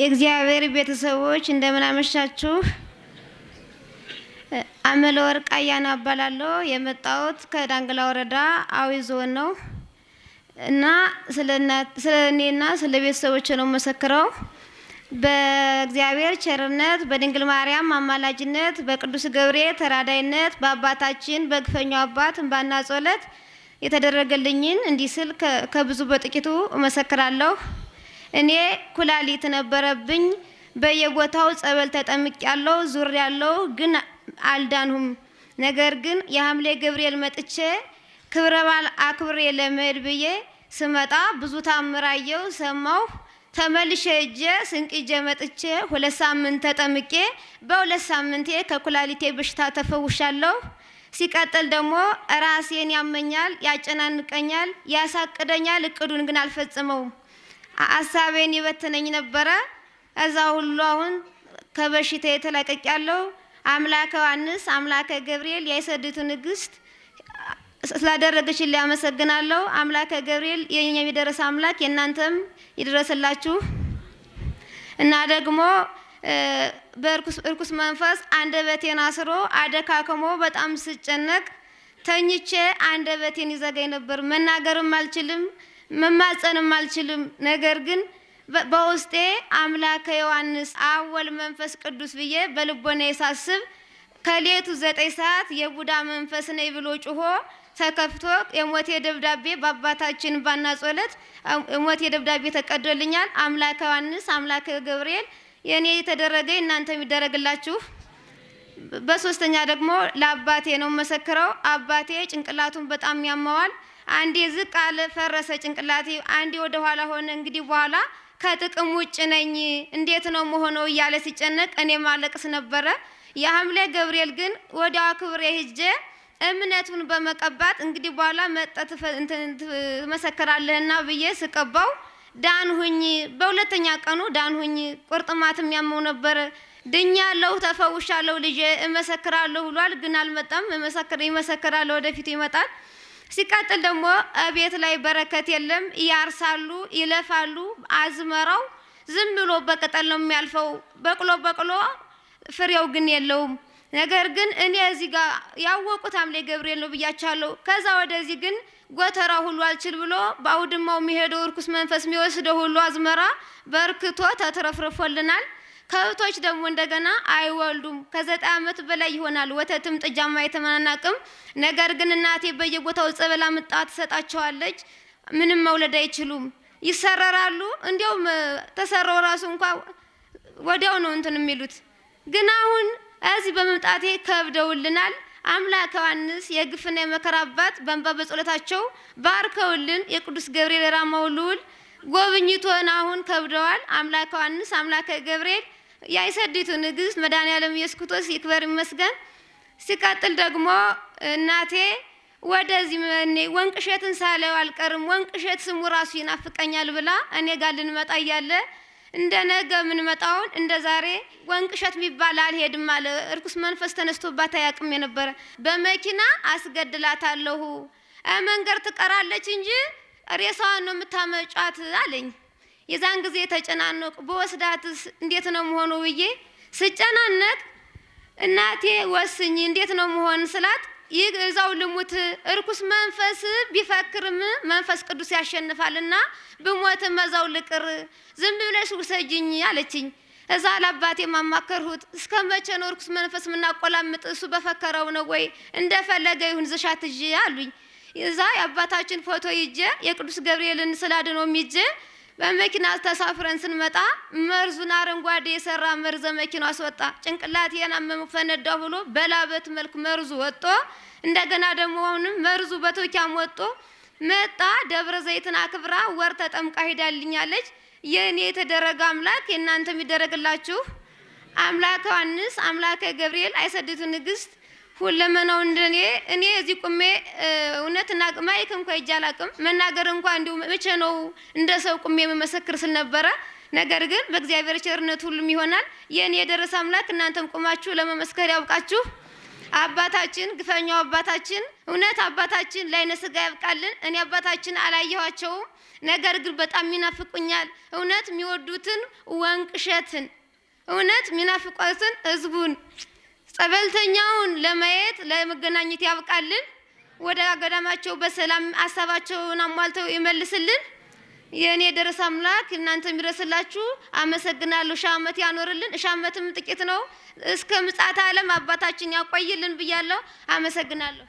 የእግዚአብሔር ቤተሰቦች እንደምን አመሻችሁ። አመለ ወርቅ አያና እባላለሁ። የመጣሁት ከዳንግላ ወረዳ አዊ ዞን ነው እና ስለ እኔና ስለ ቤተሰቦች ነው መሰክረው። በእግዚአብሔር ቸርነት በድንግል ማርያም አማላጅነት በቅዱስ ገብርኤል ተራዳይነት በአባታችን በግፈኛው አባት እንባና ጸሎት የተደረገልኝን እንዲህ ስል ከብዙ በጥቂቱ እመሰክራለሁ። እኔ ኩላሊት ነበረብኝ። በየቦታው ጸበል ተጠምቅ ያለው ዙር ያለው ግን አልዳንሁም። ነገር ግን የሐምሌ ገብርኤል መጥቼ ክብረ በዓል አክብሬ ለመሄድ ብዬ ስመጣ ብዙ ታምራየው ሰማሁ። ተመልሼ እጄ ስንቅ ይዤ መጥቼ ሁለት ሳምንት ተጠምቄ በሁለት ሳምንቴ ከኩላሊቴ በሽታ ተፈውሻለሁ። ሲቀጥል ደግሞ ራሴን ያመኛል፣ ያጨናንቀኛል፣ ያሳቅደኛል። እቅዱን ግን አልፈጽመውም። አሳቤን ይበትነኝ ነበረ። እዛ ሁሉ አሁን ከበሽታ የተላቀቅ ያለው አምላከ ዮሐንስ አምላከ ገብርኤል የአይሰድቱ ንግስት ስላደረገችልኝ መሰግናለሁ አምላከ ገብርኤል የኛ የደረሰ አምላክ የእናንተም ይደረስላችሁ እና ደግሞ በእርኩስ መንፈስ አንደበቴን አስሮ አደካክሞ በጣም ስጨነቅ ተኝቼ አንደበቴን ይዘጋኝ ነበር። መናገርም አልችልም። መማጸንም አልችልም። ነገር ግን በውስጤ አምላከ ዮሐንስ አወል መንፈስ ቅዱስ ብዬ በልቦና የሳስብ ከሌቱ ዘጠኝ ሰዓት የቡዳ መንፈስ ነኝ ብሎ ጩሆ ተከፍቶ የሞቴ ደብዳቤ በአባታችን ባና ጸሎት የሞቴ ደብዳቤ ተቀዶልኛል። አምላከ ዮሐንስ፣ አምላከ ገብርኤል የእኔ የተደረገ እናንተ የሚደረግላችሁ። በሶስተኛ ደግሞ ለአባቴ ነው መሰክረው። አባቴ ጭንቅላቱን በጣም ያመዋል። አንዴ ዝቅ አለ፣ ፈረሰ ጭንቅላቴ፣ አንዴ ወደ ኋላ ሆነ። እንግዲህ በኋላ ከጥቅም ውጭ ነኝ፣ እንዴት ነው መሆነው እያለ ሲጨነቅ እኔ ማለቅስ ነበረ። የሐምሌ ገብርኤል ግን ወዲያው አክብሬ ሂጄ እምነቱን በመቀባት እንግዲህ በኋላ መጠ ትመሰክራለህና ብዬ ስቀባው ዳንሁኝ። በሁለተኛ ቀኑ ዳንሁኝ። ቁርጥማት የሚያመው ነበረ። ድኛለሁ፣ ተፈውሻለሁ፣ ልጄ እመሰክራለሁ ብሏል። ግን አልመጣም። ይመሰክራል፣ ወደፊት ይመጣል። ሲቀጥል ደግሞ እቤት ላይ በረከት የለም። ያርሳሉ፣ ይለፋሉ። አዝመራው ዝም ብሎ በቅጠል ነው የሚያልፈው። በቅሎ በቅሎ ፍሬው ግን የለውም። ነገር ግን እኔ እዚህ ጋር ያወቁት አምሌ ገብርኤል ነው ብያቻለሁ። ከዛ ወደዚህ ግን ጎተራ ሁሉ አልችል ብሎ በአውድማው የሚሄደው እርኩስ መንፈስ የሚወስደው ሁሉ አዝመራ በርክቶ ተትረፍርፎልናል። ከብቶች ደግሞ እንደገና አይወልዱም። ከዘጠኝ ዓመት በላይ ይሆናል። ወተትም ጥጃም አይተመናናቅም። ነገር ግን እናቴ በየቦታው ጸበላ ምጣ ትሰጣቸዋለች። ምንም መውለድ አይችሉም፣ ይሰረራሉ። እንዲያውም ተሰረው ራሱ እንኳ ወዲያው ነው እንትን የሚሉት። ግን አሁን እዚህ በመምጣቴ ከብደውልናል። አምላክ ዮሐንስ የግፍና የመከራ አባት በእንባ በጸሎታቸው ባርከውልን የቅዱስ ገብርኤል የራማው ልዑል ጎብኝቶን አሁን ከብደዋል። አምላከ ዮሐንስ፣ አምላከ ገብርኤል፣ የአይሰዲቱ ንግስት መድኃኔዓለም ኢየሱስ ክርስቶስ ይክበር ይመስገን። ሲቀጥል ደግሞ እናቴ ወደዚህ እኔ ወንቅ እሸትን ሳለው አልቀርም ወንቅ እሸት ስሙ ራሱ ይናፍቀኛል ብላ እኔ ጋር ልንመጣ እያለ እንደ ነገ የምንመጣውን እንደ ዛሬ ወንቅ እሸት የሚባል አልሄድም አለ። እርኩስ መንፈስ ተነስቶባት አያውቅም የነበረ በመኪና አስገድላታለሁ መንገድ ትቀራለች እንጂ ሬሳዋን ነው የምታመጫት አለኝ። የዛን ጊዜ ተጨናነቅ በወስዳትስ እንዴት ነው መሆኑ ብዬ ስጨናነቅ እናቴ ወስኝ እንዴት ነው መሆን ስላት ይህ እዛው ልሙት እርኩስ መንፈስ ቢፈክርም መንፈስ ቅዱስ ያሸንፋልና ብሞት መዛው ልቅር፣ ዝም ብለሽ ውሰጅኝ አለችኝ። እዛ ለአባቴ ማማከርሁት እስከ መቼ ነው እርኩስ መንፈስ ምናቆላምጥ? እሱ በፈከረው ነው ወይ እንደፈለገ ይሁን ዝሻት እዥ አሉኝ። እዛ የአባታችን ፎቶ ይዤ የቅዱስ ገብርኤልን ስላድኖም ይዤ በመኪና ተሳፍረን ስንመጣ መርዙን አረንጓዴ የሰራ መርዘ መኪና አስወጣ። ጭንቅላት አመመ ፈነዳ ብሎ በላበት መልክ መርዙ ወጦ እንደገና ደግሞ አሁንም መርዙ በቶኪያም ወጦ መጣ። ደብረ ዘይትን አክብራ ወር ተጠምቃ ሄዳልኛለች። የእኔ የተደረገ አምላክ የእናንተ የሚደረግላችሁ አምላከ ዮሐንስ አምላከ ገብርኤል አይሰድቱ ንግስት ሁለመናው እንደኔ እኔ እዚህ ቁሜ እውነት እና ማይክ እንኳ ይዤ አላውቅም። መናገር እንኳ እንዲሁ መቼ ነው እንደ ሰው ቁሜ መመሰክር ስል ነበረ። ነገር ግን በእግዚአብሔር ቸርነት ሁሉም ይሆናል። የእኔ የደረሰ አምላክ እናንተም ቁማችሁ ለመመስከር ያውቃችሁ። አባታችን ግፈኛው አባታችን እውነት አባታችን ለዓይነ ስጋ ያብቃልን። እኔ አባታችን አላየኋቸውም፣ ነገር ግን በጣም ይናፍቁኛል። እውነት የሚወዱትን ወንቅ እሸትን እውነት የሚናፍቋትን ህዝቡን ጸበልተኛውን ለማየት ለመገናኘት ያብቃልን። ወደ ገዳማቸው በሰላም ሀሳባቸውን አሟልተው ይመልስልን። የእኔ ደረሰ አምላክ እናንተ የሚደርስላችሁ አመሰግናለሁ። ሺህ ዓመት ያኖርልን። ሺህ ዓመትም ጥቂት ነው። እስከ ምጽአተ ዓለም አባታችን ያቆይልን ብያለሁ። አመሰግናለሁ።